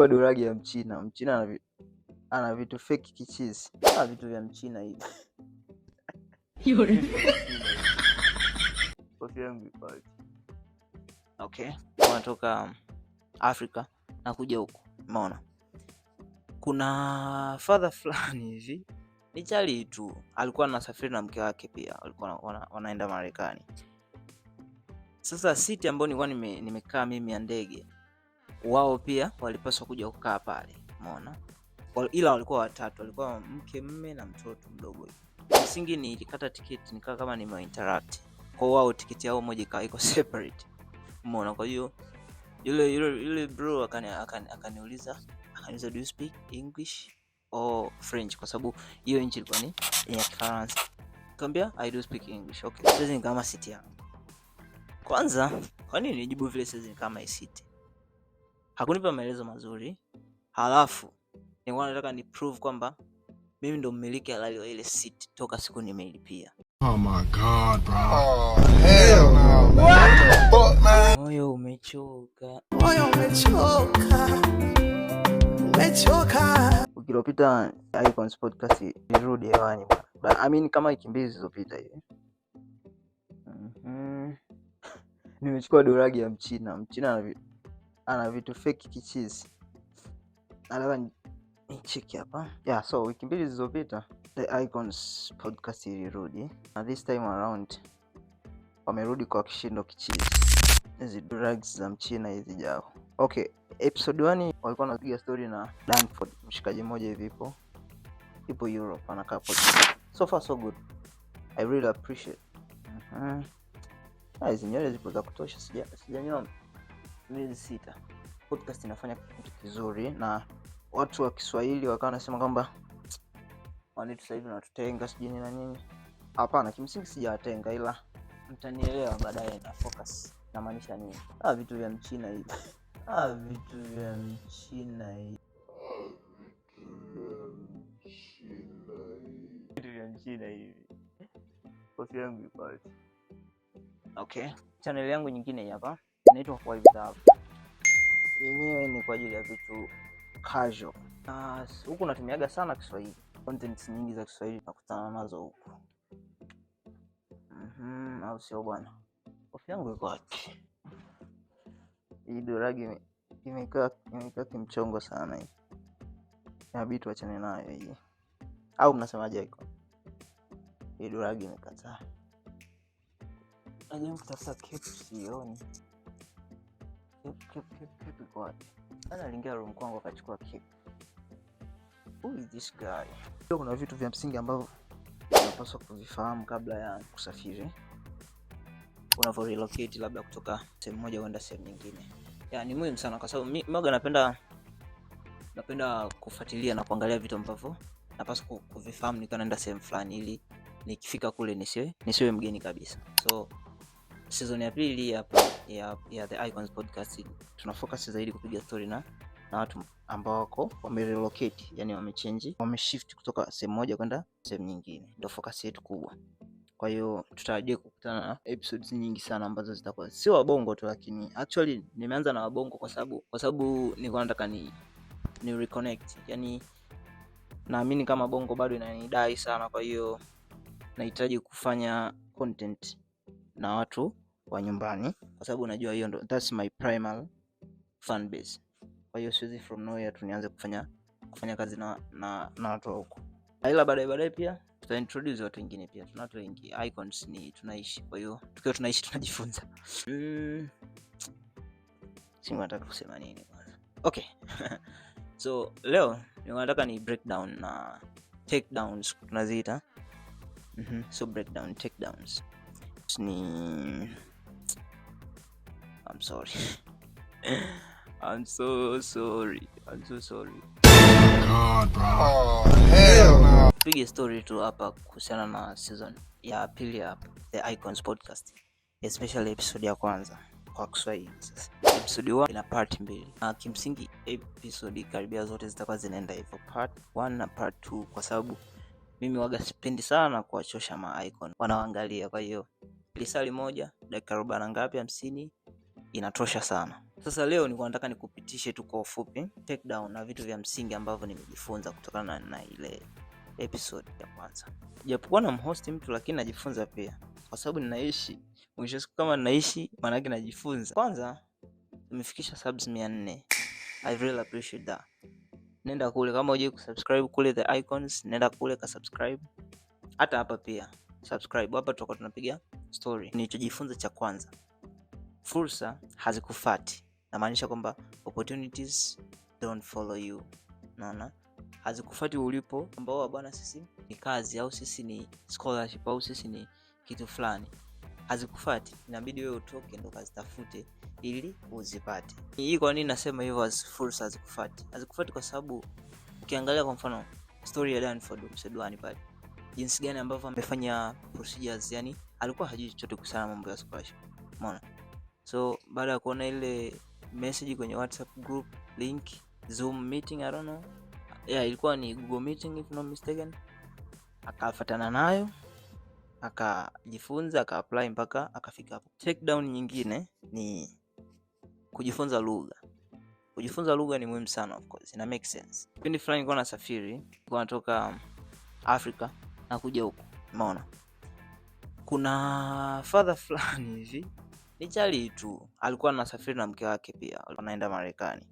Chukua duragi ya Mchina. Mchina ana vitu feki kichizi. ana vitu vya Mchina hivi. Okay, wanatoka Afrika na kuja huku, maona kuna fadha fulani hivi ni chali tu alikuwa anasafiri na mke wake pia walikuwa wanaenda Marekani. Sasa siti ambayo nilikuwa nimekaa nime mimi ya ndege wao pia walipaswa kuja kukaa pale, umeona, ila walikuwa watatu, walikuwa mke mme na mtoto mdogo. Msingi ni ilikata tiketi nikawa kama nime interact kwa wao, tiketi yao moja ikawa iko separate, umeona. Kwa hiyo yule yule yule bro akaniuliza akani, akaniuliza do you speak English or French, kwa sababu hiyo nchi ilikuwa ni ya France. Kambia I do speak English. Okay, sasa ni kama city yangu kwanza, Kwa nini nijibu vile sasa ni kama city hakunipa maelezo mazuri, halafu nilikuwa nataka ni prove kwamba mimi ndo mmiliki halali wa ile seat toka siku nimeilipia. Oh my god bro. Oh, hell no. What the fuck man? Moyo umechoka. Moyo umechoka. Umechoka. Wiki iliyopita Icons Podcast ilirudi hewani bana. I mean kama wiki mbili zilizopita hivi. Mhm. Nimechukua duragi ya Mchina. Mchina ana vitu fake kichizi. Nataka nicheki hapa. Yeah, so wiki mbili zilizopita The Icons podcast ilirudi na this time around wamerudi kwa kishindo kichizi. Hizi drugs za mchina hizi jao. Okay, episode 1 walikuwa wanapiga story na Danford, mshikaji mmoja hivi ipo ipo Europe anakaa poa. So far so good. I really appreciate. Mhm. Uh ah, -huh. Hizi nywele zipo za kutosha, sija sijanyoa miezi sita. Podcast inafanya kitu kizuri, na watu wa Kiswahili wakawa wanasema kwamba wanetu sasa natutenga sijini na nini. Hapana, kimsingi sijawatenga, ila mtanielewa baadaye na focus namaanisha nini. Ah, vitu vya mchina hivi ah, vitu vya mchina hivi vitu vya mchina hivi yangu okay. Channel yangu nyingine hapa inaitwa kwa reserve, yenyewe ni kwa ajili ya vitu casual. Na huku natumiaga sana Kiswahili, content nyingi za Kiswahili nakutana nazo huku, mhm, au sio bwana? Kofi yangu iko wapi? Hii doragi imekaa imekaa kimchongo sana hii, inabidi tuachane nayo hii, au mnasemaje? iko hii doragi imekataa, najaribu kutafuta kitu sioni kipi Ana room kwangu akachukua Who is this guy? Kuna vitu vya msingi ambavyo unapaswa kuvifahamu kabla ya kusafiri unavyo relocate labda kutoka sehemu moja kwenda sehemu nyingine. Ya, ni muhimu sana kwa sababu mimi napenda napenda kufuatilia na kuangalia vitu ambavyo napaswa kuvifahamu nikiwa naenda sehemu fulani ili nikifika kule nisiwe nisiwe mgeni kabisa. So Season ya pili hapa ya, ya The Icons Podcast tunafocus zaidi kupiga story na na watu ambao wako wame relocate, yani wame shift kutoka sehemu moja kwenda sehemu nyingine, ndio focus yetu kubwa. Kwa hiyo tutarajia kukutana na episodes nyingi sana ambazo zitakuwa sio wabongo tu, lakini actually nimeanza na wabongo kwa sababu kwa sababu nilikuwa nataka ni ni reconnect, yani naamini kama bongo bado inanidai sana, kwa hiyo nahitaji kufanya content na watu wa nyumbani, kwa sababu unajua hiyo ndo that's my primal fan base. Kwa hiyo siwezi from nowhere tu nianze kufanya kufanya kazi na, na, na watu wa huko, ila baadaye baadaye pia tuta introduce watu wengine pia. Tuna watu wengi icons ni tunaishi, kwa hiyo tukiwa tunaishi tunajifunza. Mm, nataka kusema nini kwanza. Okay. So leo nataka ni breakdown na takedowns tunaziita. Mhm. mm So breakdown takedowns ni I'm sorry. I'm so sorry. I'm so sorry. God, bro. Oh, hell no. Big story tu hapa kuhusiana na season ya pili hapa The Icons Podcast, especially episode ya kwanza kwa Kiswahili. Sasa episode 1 ina part mbili, na kimsingi episode karibia zote zitakuwa zinaenda hivyo, part 1 na part 2, kwa sababu mimi waga sipendi sana kuwachosha ma icon wanaangalia, kwa hiyo lisali moja dakika arobaini ngapi, hamsini inatosha sana. Sasa leo nilikuwa nataka nikupitishe tu kwa ufupi takedown na vitu vya msingi ambavyo nimejifunza kutokana na na ile episode ya kwanza. Japokuwa na mhost mtu, lakini najifunza pia, kwa sababu ninaishi mwisho siku, kama ninaishi maana yake najifunza. Kwanza nimefikisha subs 400. I really appreciate that. Nenda kule kama hujai kusubscribe kule the icons, nenda kule kasubscribe Hata hapa pia subscribe. Hapa tutakuwa tunapiga story. Nilichojifunza cha kwanza, fursa hazikufuati. Namaanisha kwamba opportunities don't follow you, naona hazikufati ulipo, ambao ah, bwana, sisi ni kazi au sisi ni scholarship au sisi ni kitu fulani, hazikufati inabidi wewe utoke ndo kazitafute ili uzipate. Hii kwa nini nasema hivyo? Fursa hazikufati hazikufati kwa sababu ukiangalia kwa mfano story ya Danford msedwani pale, jinsi gani ambavyo amefanya procedures yani alikuwa hajui chochote kuhusiana mambo ya squash, umeona. So baada ya kuona ile message kwenye WhatsApp group link, Zoom meeting, I don't know, yeah, ilikuwa ni Google meeting if not mistaken, akafatana nayo akajifunza aka apply mpaka akafika hapo. down nyingine ni kujifunza lugha. Kujifunza lugha ni muhimu sana, of course ina make sense. Kipindi fulani nilikuwa nasafiri, nilikuwa natoka Afrika na kuja huku, umeona kuna fadha fulani hivi ni chali tu alikuwa anasafiri na mke wake, pia anaenda Marekani.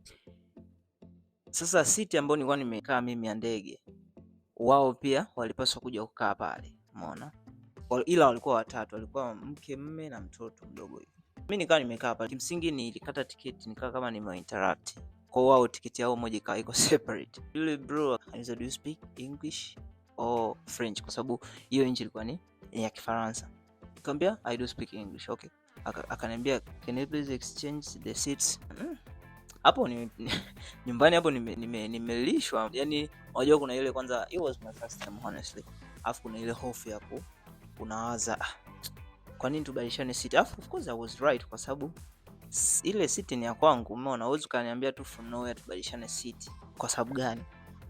Sasa siti ambayo nilikuwa nimekaa mimi ya ndege, wao pia walipaswa kuja kukaa pale, umeona, ila walikuwa watatu, walikuwa mke, mme na mtoto mdogo hivi. Mimi nikawa nimekaa pale, kimsingi nilikata tiketi, nikawa kama nimeinterrupt kwa wao, tiketi yao moja ikawa iko separate. Yule bro, do you speak English or French? Kwa sababu hiyo nchi ilikuwa ni ya Kifaransa. Nikamwambia I do speak English. Okay. Akaniambia can you please exchange the seats? Mm. Hapo ni nyumbani, hapo nimelishwa. Yani unajua kuna ile kwanza, it was my first time honestly. Alafu kuna ile hofu ya ku unawaza ah, kwa nini tubadilishane seat? Alafu of course I was right kwa sababu ile seat ni ya kwangu, umeona. Huwezi ukaniambia tu from nowhere tubadilishane seat. Kwa sababu gani?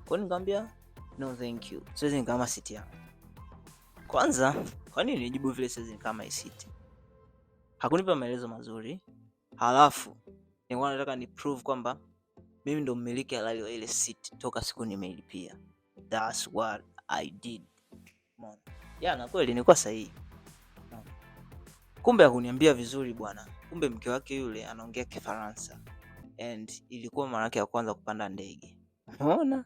Kwa hiyo nikamwambia no thank you, siwezi nikama seat yangu. Kwanza, kwa nini nijibu vile siwezi kama ICT? Hakunipa maelezo mazuri. Halafu nilikuwa nataka ni prove kwamba mimi ndo mmiliki halali wa ile city toka siku nimeilipia. That's what I did. Mon. Ya na kweli nilikuwa sahihi. Kumbe hakuniambia vizuri bwana. Kumbe mke wake yule anaongea Kifaransa. And ilikuwa mara yake ya kwanza kupanda ndege. Unaona?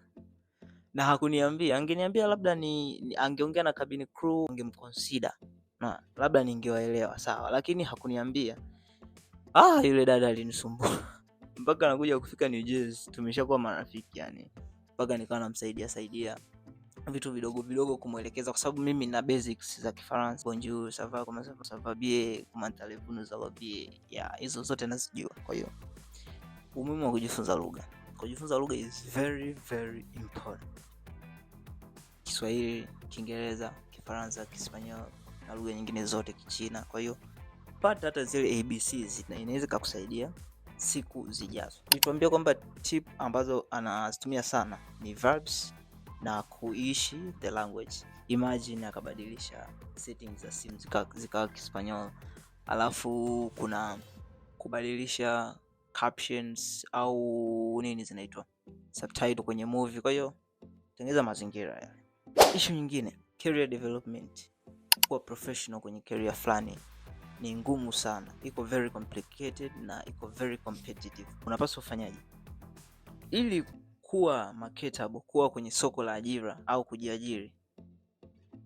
na hakuniambia. Angeniambia labda ni, ni angeongea na cabin crew angemconsider na labda ningewaelewa sawa, lakini hakuniambia. Ah, yule dada alinisumbua mpaka nakuja kufika New Jersey, tumeshakuwa marafiki yani, mpaka nikawa namsaidia saidia vitu vidogo vidogo kumwelekeza, kwa sababu mimi na basics za Kifaransa, bonjour ça va comment ça va ça va bien comment allez-vous nous allons bien, hizo zote nazijua. Kwa hiyo umuhimu wa kujifunza lugha Kujifunza lugha is very very important. Kiswahili, Kiingereza, Kifaransa, Kispanyol na lugha nyingine zote, Kichina. Kwa hiyo pata hata zile ABC inaweza kukusaidia siku zijazo. Nituambia kwamba tip ambazo anazitumia sana ni verbs na kuishi the language. Imagine akabadilisha settings za simu zikawa Kispanyol, alafu kuna kubadilisha captions au nini zinaitwa subtitle kwenye movie. Kwa hiyo tengeza mazingira ya. Issue nyingine, career development. Kuwa professional kwenye career fulani ni ngumu sana, iko very complicated na iko very competitive. Unapaswa ufanyaje ili kuwa marketable, kuwa kwenye soko la ajira au kujiajiri?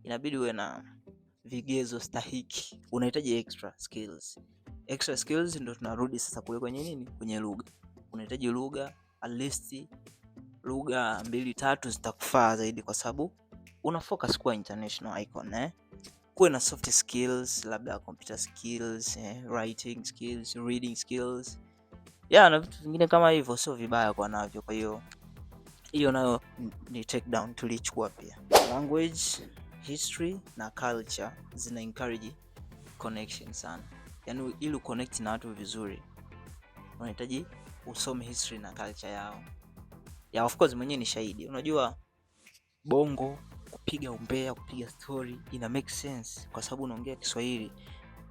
Inabidi uwe na vigezo stahiki. Unahitaji extra skills Extra skills ndo tunarudi sasa kule kwenye nini, kwenye lugha. Unahitaji lugha at least lugha mbili tatu zitakufaa zaidi, kwa sababu una focus kwa international icon eh? Kuwe na soft skills, labda computer skills eh, writing skills, reading skills ya na vitu vingine kama hivyo, sio vibaya kwa navyo. Kwa hiyo hiyo nayo ni take down, tulichukua pia. Language, history na culture zina encourage connection sana yani ili uconnect na watu vizuri unahitaji usome history na culture yao. Ya of course mwenyewe ni shahidi. Unajua bongo kupiga umbea, kupiga story ina make sense kwa sababu unaongea Kiswahili.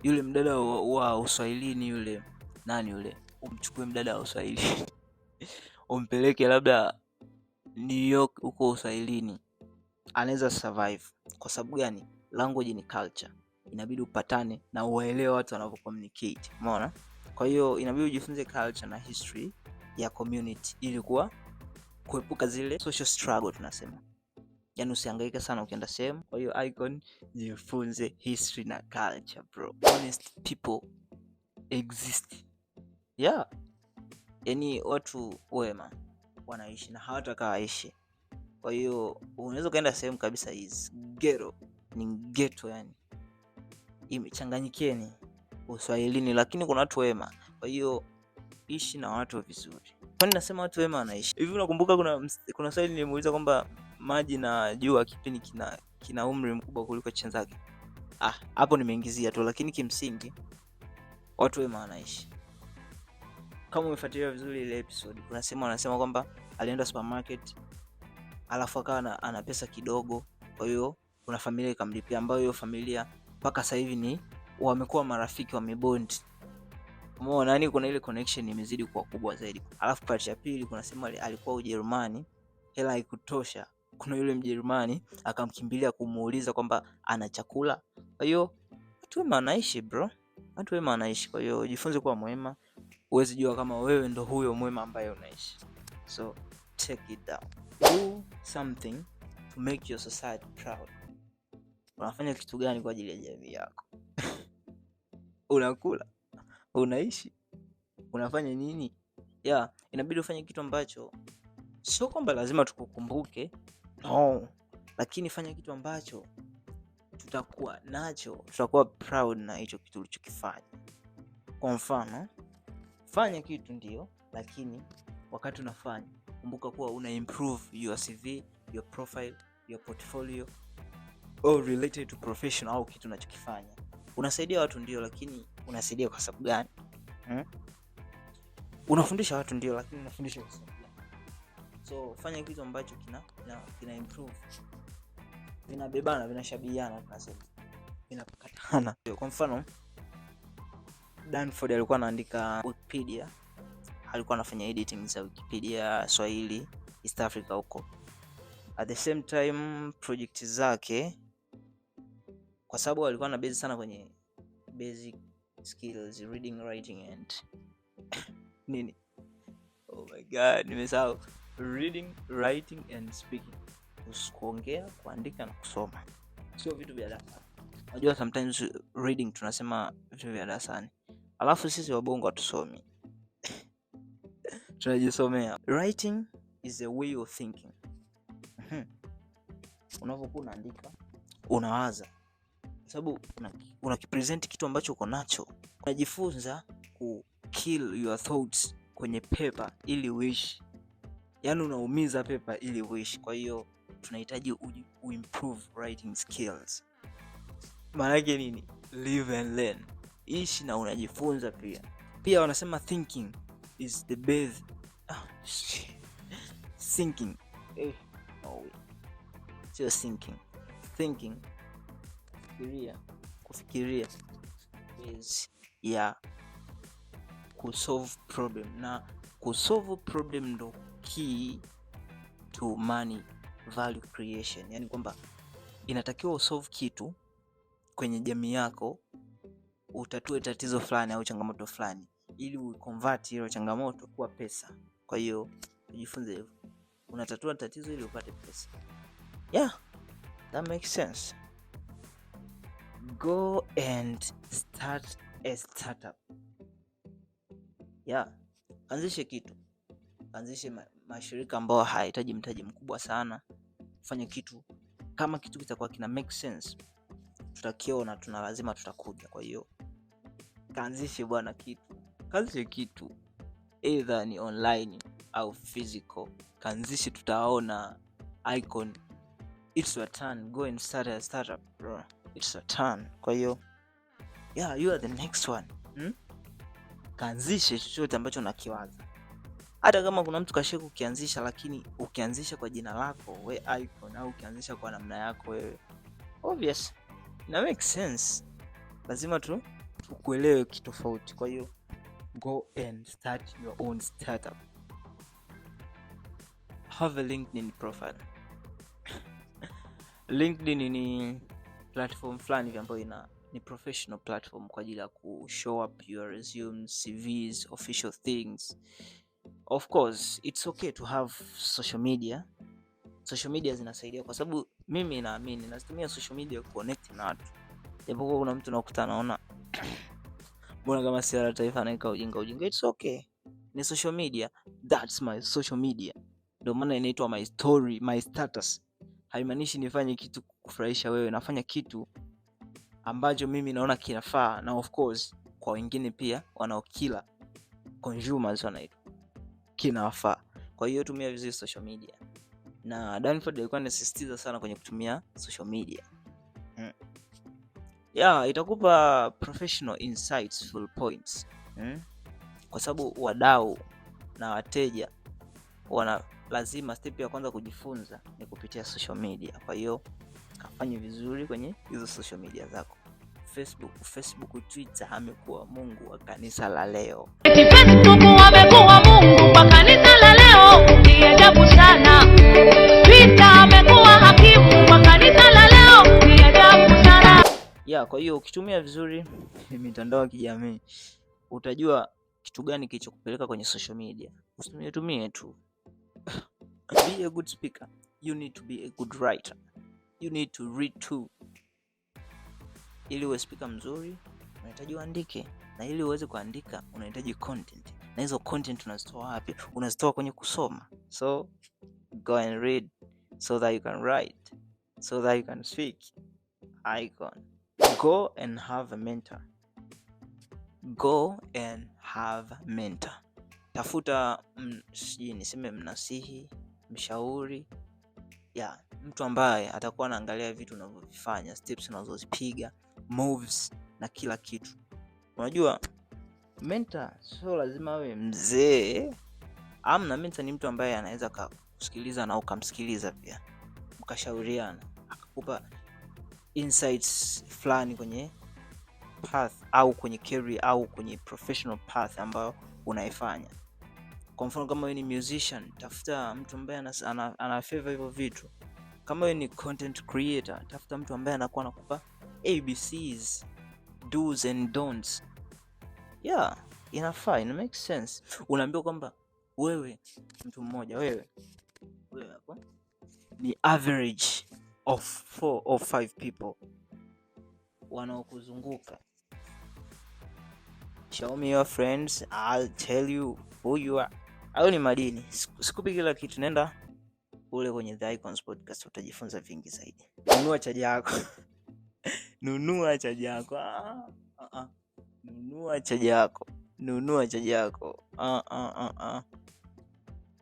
Yule mdada wa Uswahilini yule nani yule, umchukue mdada wa Uswahili umpeleke labda New York huko Uswahilini, anaweza survive. Kwa sababu gani? Language ni culture inabidi upatane na uwaelewe watu wanavyo communicate, umeona. Kwa hiyo inabidi ujifunze culture na history ya community ili kuwa kuepuka zile social struggle tunasema, yaani usihangaike sana ukienda sehemu. Kwa hiyo Icon, jifunze history na culture bro, honest people exist yeah. Yani watu wema wanaishi na hawatakaa waishi. Kwa hiyo unaweza ukaenda sehemu kabisa is ghetto. ni ghetto yani imechanganyikeni uswahilini, lakini kuna watu wema, kwa hiyo ishi na watu vizuri. Kwani nasema watu wema wanaishi hivi. Unakumbuka kuna, kuna swali nilimuuliza kwamba maji na jua kipi kina, kina umri mkubwa kuliko chenzake? Ah, hapo nimeingizia tu, lakini kimsingi watu wema wanaishi. Kama umefuatilia vizuri ile episode, kuna sema wanasema kwamba alienda supermarket alafu akawa ana pesa kidogo, kwa hiyo kuna familia ikamlipia, ambayo hiyo familia mpaka sasa hivi ni wamekuwa marafiki, wamebondi Umeona, yani kuna ile connection imezidi kuwa kubwa zaidi. Alafu part ya pili kuna sema alikuwa Ujerumani, hela haikutosha, kuna yule Mjerumani akamkimbilia kumuuliza kwamba ana chakula. Kwa hiyo watu wema wanaishi bro, watu wema wanaishi. Kwa hiyo jifunze kuwa mwema, uwezi jua kama wewe ndo huyo mwema ambaye unaishi. So check it out, do something to make your society proud. Unafanya kitu gani kwa ajili ya jamii yako? Unakula, unaishi, unafanya nini? Yeah, inabidi ufanye kitu ambacho sio kwamba lazima tukukumbuke, no, lakini fanya kitu ambacho tutakuwa nacho, tutakuwa proud na hicho kitu ulichokifanya. Kwa mfano, fanya kitu ndio, lakini wakati unafanya kumbuka kuwa una improve your CV, your profile, your portfolio all oh, related to profession au kitu unachokifanya. Unasaidia watu ndio, lakini unasaidia kwa sababu gani? Hmm? Unafundisha watu ndio, lakini unafundisha kwa sababu gani? So fanya kitu ambacho kina kina, kina improve. Vinabebana, vinashabihiana tunasema. Vinakatana. Kwa mfano Danford alikuwa anaandika Wikipedia, alikuwa anafanya editing za Wikipedia Swahili East Africa huko. At the same time project zake kwa sababu walikuwa na base sana kwenye basic skills reading writing and nini, oh my god, nimesahau reading writing and speaking, kuongea kuandika na kusoma, sio vitu vya darasa. Unajua sometimes reading tunasema vitu vya darasani, alafu sisi wabongo hatusomi tunajisomea. Writing is a way of thinking, unavyokuwa unaandika unawaza sababu unakipresent una kitu ambacho uko nacho. Unajifunza ku kill your thoughts kwenye pepa ili uishi, yani unaumiza pepa ili uishi. Kwa hiyo tunahitaji uimprove writing skills. Maana yake nini? Live and learn, ishi na unajifunza pia. Pia wanasema thinking is the best ah, thinking eh, no way. thinking thinking kufikiria kufikiria ya kusolve problem, na kusolve problem ndo key to money value creation, yani kwamba inatakiwa usolve kitu kwenye jamii yako, utatue tatizo fulani au changamoto fulani, ili uconvert hilo changamoto kuwa pesa. Kwa hiyo ujifunze hivyo, unatatua tatizo ili upate pesa. Yeah, that makes sense go and start a startup. Yeah, anzishe kitu, anzishe mashirika ambayo hayahitaji mtaji mkubwa sana. Fanya kitu kama kitu kitakuwa kina make sense, tutakiona, tuna lazima tutakuja. Kwa hiyo kaanzishe bwana kitu, kaanzishe kitu either ni online au physical, kaanzishe, tutaona icon. It's your turn, go and start a startup bro it's a turn. Kwa hiyo yeah, you are the next one hmm? Kaanzishe chochote ambacho unakiwaza, hata kama kuna mtu kashia kukianzisha, lakini ukianzisha kwa jina lako we icon, au ukianzisha kwa namna yako wewe, obvious na make sense, lazima tu ukuelewe kitofauti. Kwa hiyo go and start your own startup, have a LinkedIn profile. LinkedIn ni platform fulani hivi ambayo ina ni professional platform kwa ajili ya ku show up your resume, CVs, official things. Of course, it's okay to have social media. Social media zinasaidia kwa sababu mimi naamini nazitumia social media ku connect na watu. Japokuwa kuna mtu nakutana naona mbona kama siara la taifa anaweka ujinga ujinga. It's okay. Ni social media. That's my social media. Ndio maana inaitwa my story, my status. Haimaanishi nifanye kitu kufurahisha wewe, nafanya kitu ambacho mimi naona kinafaa na of course kwa wengine pia wanaokila consumers wanaitwa kinawafaa. Kwa hiyo tumia vizuri social media, na Danford alikuwa anasisitiza sana kwenye kutumia social media hmm. Yeah, itakupa professional insights full points hmm. Kwa sababu wadau na wateja wana lazima step ya kwanza kujifunza ni kupitia social media, kwa hiyo afanye vizuri kwenye hizo social media zako Facebook, Facebook, Twitter amekuwa Mungu wa kanisa la leo. Facebook amekuwa Mungu wa kanisa la leo, ni ajabu sana. Twitter amekuwa hakimu wa kanisa la leo, ni ajabu sana. Ya, kwa hiyo ukitumia vizuri mitandao ya kijamii utajua kitu gani kilichokupeleka kwenye social media. Usitumie tumie tu. Be a good speaker, you need to be a good writer you need to read too. Ili uwe speaker mzuri unahitaji uandike, na ili uweze kuandika unahitaji content, na hizo content unazitoa wapi? Unazitoa kwenye kusoma. So go and read so that you can write so that you can speak. Icon. Go and have a mentor. Go and have a mentor. Tafuta sijui niseme mnasihi, mshauri ya mtu ambaye atakuwa anaangalia vitu unavyovifanya, steps unazozipiga, moves na kila kitu. Unajua mentor sio lazima awe mzee. Amna, mentor ni mtu ambaye anaweza kakusikiliza na ukamsikiliza pia, mkashauriana, akakupa insights fulani kwenye path au kwenye career au kwenye professional path ambayo unaifanya. Kwa mfano kama wewe ni musician, tafuta mtu ambaye ana, favor hivyo vitu. Kama wewe ni content creator, tafuta mtu ambaye anakuwa anakupa ABCs, do's and don'ts. Yeah, inafaa, ina make sense. Unaambiwa kwamba wewe mtu mmoja, wewe wewe hapo ni average of four or five people wanaokuzunguka. Show me your friends, I'll tell you who you are au ni madini. Sikupi kila kitu, nenda ule kwenye The Icons Podcast utajifunza vingi zaidi. Nunua chaji yako. Nunua chaji yako. Ah, ah, ah. Nunua chaji yako. Nunua chaji yako. Ah, ah, ah, ah.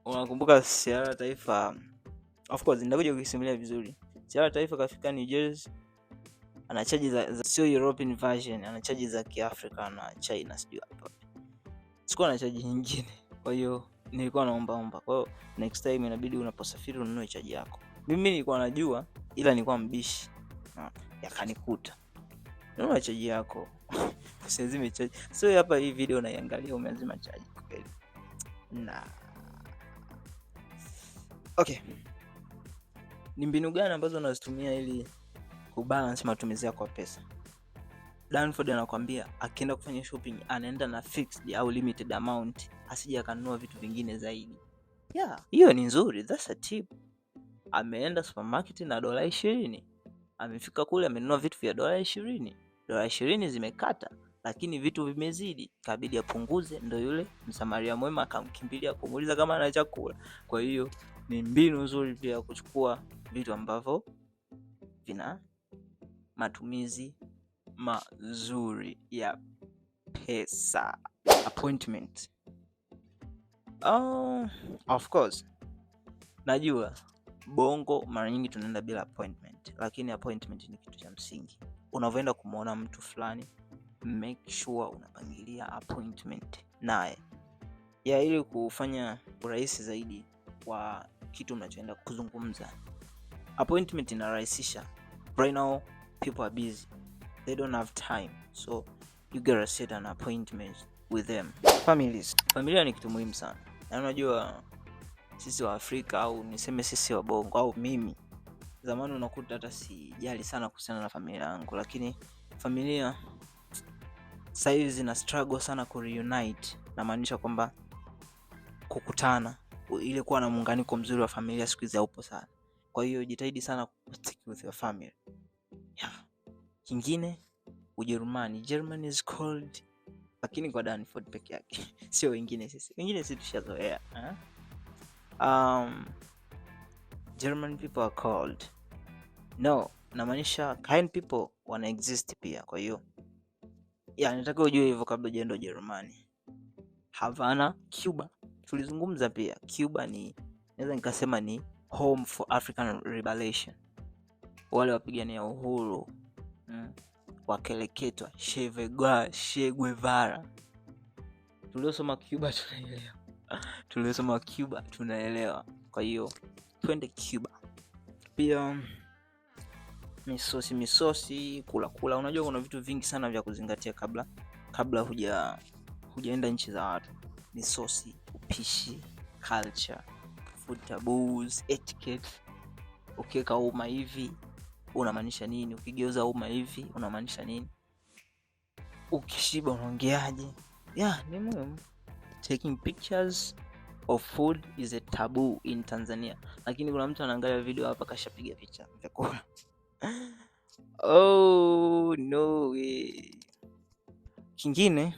Unakumbuka siara ya Taifa? Of course nitakuja kuisimulia vizuri. Siara ya Taifa kafika New Jersey ana chaji za, za sio European version, ana chaji za Kiafrika na China sijui hapo Sikuwa na chaji nyingine. Kwa hiyo nilikuwa naombaomba. kwahiyo next time inabidi unaposafiri ununue chaji yako. Mimi nilikuwa najua, ila nilikuwa mbishi, yakanikuta nunua chaji yako Usizime chaji. So hapa hii video naiangalia umeazima chaji kweli. Na okay, ni mbinu gani ambazo unazitumia ili kubalance matumizi yako ya pesa? Danford anakwambia akienda kufanya shopping anaenda na fixed au limited amount, asije akanunua vitu vingine zaidi. Yeah, hiyo ni nzuri, that's a tip. Ameenda supermarket na dola ishirini, amefika kule amenunua vitu vya dola ishirini, dola ishirini zimekata lakini vitu vimezidi, kabidi apunguze. Ndo yule msamaria mwema akamkimbilia kumuuliza kama ana chakula. Kwa hiyo ni mbinu nzuri pia ya kuchukua vitu ambavyo vina matumizi mazuri ya pesa. Appointment. Oh, of course. Najua Bongo mara nyingi tunaenda bila appointment, lakini appointment ni kitu cha msingi. Unavyoenda kumwona mtu fulani, make sure unapangilia appointment naye ya ili kufanya urahisi zaidi wa kitu unachoenda kuzungumza. Appointment inarahisisha. Right now people are busy they don't have time, so you gotta set an appointment with them. Families, familia ni kitu muhimu sana, na unajua sisi wa Afrika au niseme sisi wa Bongo au mimi zamani, unakuta hata sijali sana kuhusiana na familia yangu, lakini familia sasa zina struggle sana ku reunite, na maanisha kwamba kukutana ile kuwa na muunganiko mzuri wa familia siku hizi haupo sana. Kwa hiyo jitahidi sana with your family. Kingine Ujerumani, german is cold, lakini kwa Danford peke yake sio wengine. Sisi wengine sisi tushazoea eh? Um, German people are cold. No, namaanisha kind people wana exist pia. Kwa hiyo ya nataka ujue hivyo kabla ujaenda Ujerumani. Havana, Cuba tulizungumza pia. Cuba ni naweza nikasema ni home for African liberation, wale wapigania uhuru mm, eh. wakereketwa Che Tuliosoma Cuba tunaelewa, tuliosoma Cuba tunaelewa. Kwa hiyo twende Cuba pia misosi misosi, kula kula. Unajua kuna vitu vingi sana vya kuzingatia kabla kabla huja hujaenda nchi za watu: misosi, upishi, culture, food taboos, etiquette, ukiweka uma hivi unamaanisha nini? Ukigeuza uma hivi unamaanisha nini? Ukishiba unaongeaje? Yeah, ni muhimu. Taking pictures of food is a taboo in Tanzania. Lakini kuna mtu anaangalia video hapa kashapiga picha vyakula. Oh, no way. Kingine,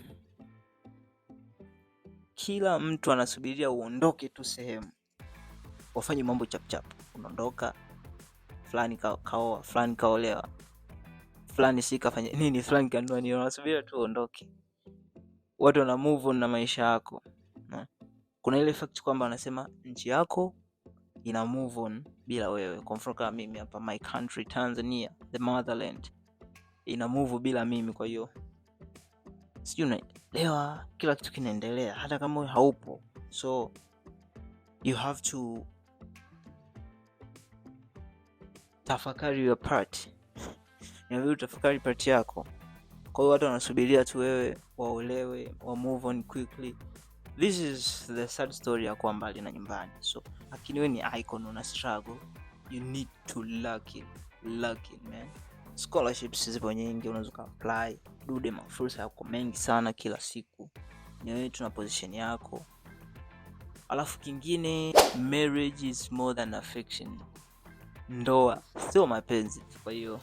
kila mtu anasubiria uondoke tu sehemu wafanye mambo chapchap, unaondoka fulani kaoa, fulani kaolewa, fulani si kafanya nini, fulani kanua nini, unasubiri tu ondoke watu wana move on na maisha yako. Kuna ile fact kwamba wanasema nchi yako ina move on bila wewe. Kwa mfano kama mimi hapa, my country Tanzania, the motherland ina move bila mimi, kwa hiyo sijui unaelewa, kila kitu kinaendelea hata kama haupo, so you have to tafakari your part. Inabidi utafakari part yako. Kwa hiyo watu wanasubiria tu wewe waolewe, wa move on quickly. This is the sad story ya kuwa mbali na nyumbani. So lakini wewe ni icon, una struggle, you need to luck it, luck it man. Scholarships zipo nyingi, unaweza apply dude, mafursa yako mengi sana kila siku, ni wewe tuna position yako. Alafu kingine, marriage is more than affection ndoa sio mapenzi. Kwa hiyo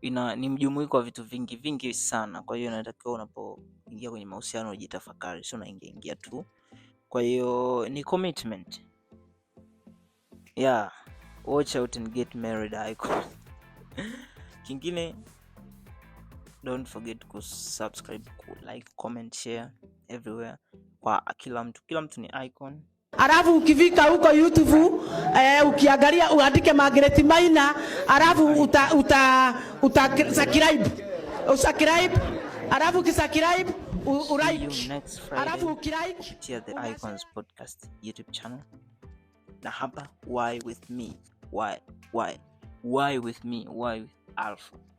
ina ni mjumuiko wa vitu vingi vingi sana. Kwa hiyo inatakiwa unapoingia kwenye mahusiano ujitafakari, sio unaingia ingia tu. Kwa hiyo ni commitment yeah. Watch out and get married icon. Kingine, don't forget ku subscribe, ku like, comment, share everywhere kwa kila mtu. Kila mtu ni icon. Alafu ukivika huko YouTube eh, ukiangalia uandike Margaret Maina, alafu uta uta, uta subscribe. Usubscribe. Alafu ukisubscribe ulike. Alafu ukilike kupitia the Icons Podcast YouTube channel. Na hapa why with me? Why why why with me? Why with Alpha?